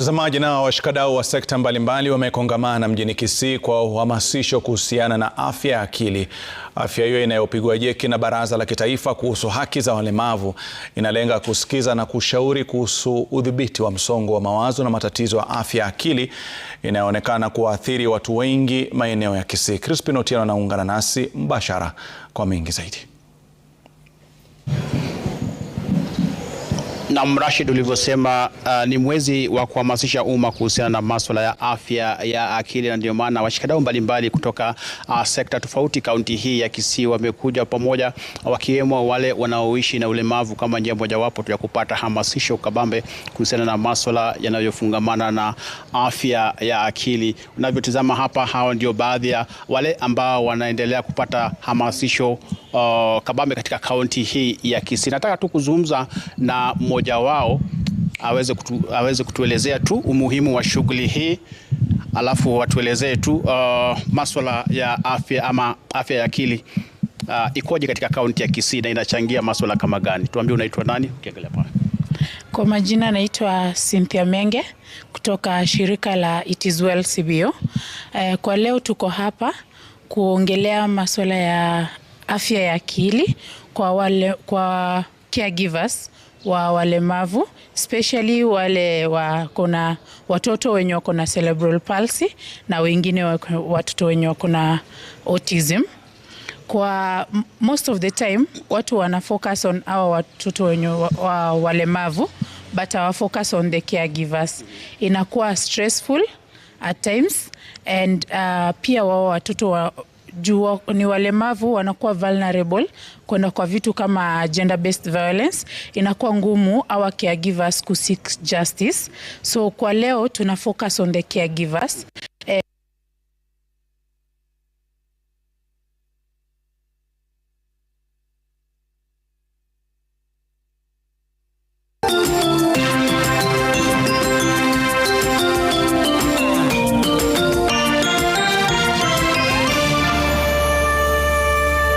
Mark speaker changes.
Speaker 1: Watazamaji na washikadau wa sekta mbalimbali wamekongamana mjini Kisii kwa uhamasisho kuhusiana na afya ya akili. Afya hiyo inayopigwa jeki na Baraza la Kitaifa kuhusu Haki za Walemavu inalenga kusikiza na kushauri kuhusu udhibiti wa msongo wa mawazo na matatizo ya afya ya akili inayoonekana kuwaathiri watu wengi maeneo ya Kisii. Crispin Otieno anaungana nasi mbashara kwa mengi zaidi.
Speaker 2: Na Mrashid, ulivyosema uh, ni mwezi wa kuhamasisha umma kuhusiana na masuala ya afya ya akili, na ndio maana washikadau mbalimbali kutoka uh, sekta tofauti kaunti hii ya Kisii wamekuja pamoja, wakiwemo wale wanaoishi na ulemavu kama njia mojawapo ya kupata hamasisho kabambe kuhusiana na masuala yanayofungamana na afya ya akili. Unavyotizama hapa, hao ndio baadhi ya wale ambao wanaendelea kupata hamasisho uh, kabambe katika kaunti hii ya Kisii. Nataka tu kuzungumza na mmoja mmoja wao aweze, kutu, aweze kutuelezea tu umuhimu wa shughuli hii alafu watuelezee tu uh, maswala ya afya ama afya ya akili uh, ikoje katika kaunti ya Kisii na inachangia maswala kama gani? Tuambie unaitwa nani ukiangalia pale.
Speaker 3: Kwa majina naitwa Cynthia Menge kutoka shirika la It is Well CBO. Eh, kwa leo tuko hapa kuongelea maswala ya afya ya akili kwa wale, kwa caregivers wa walemavu especially wale wako na watoto wenye wako na cerebral palsy na wengine watoto wenye wako na autism. Kwa most of the time watu wana focus on hawa watoto wenye wa walemavu but our focus on the caregivers. Inakuwa stressful at times and uh, pia wao watoto wa juu ni walemavu wanakuwa vulnerable kwenda kwa vitu kama gender based violence, inakuwa ngumu our caregivers ku seek justice. So kwa leo tuna focus on the caregivers.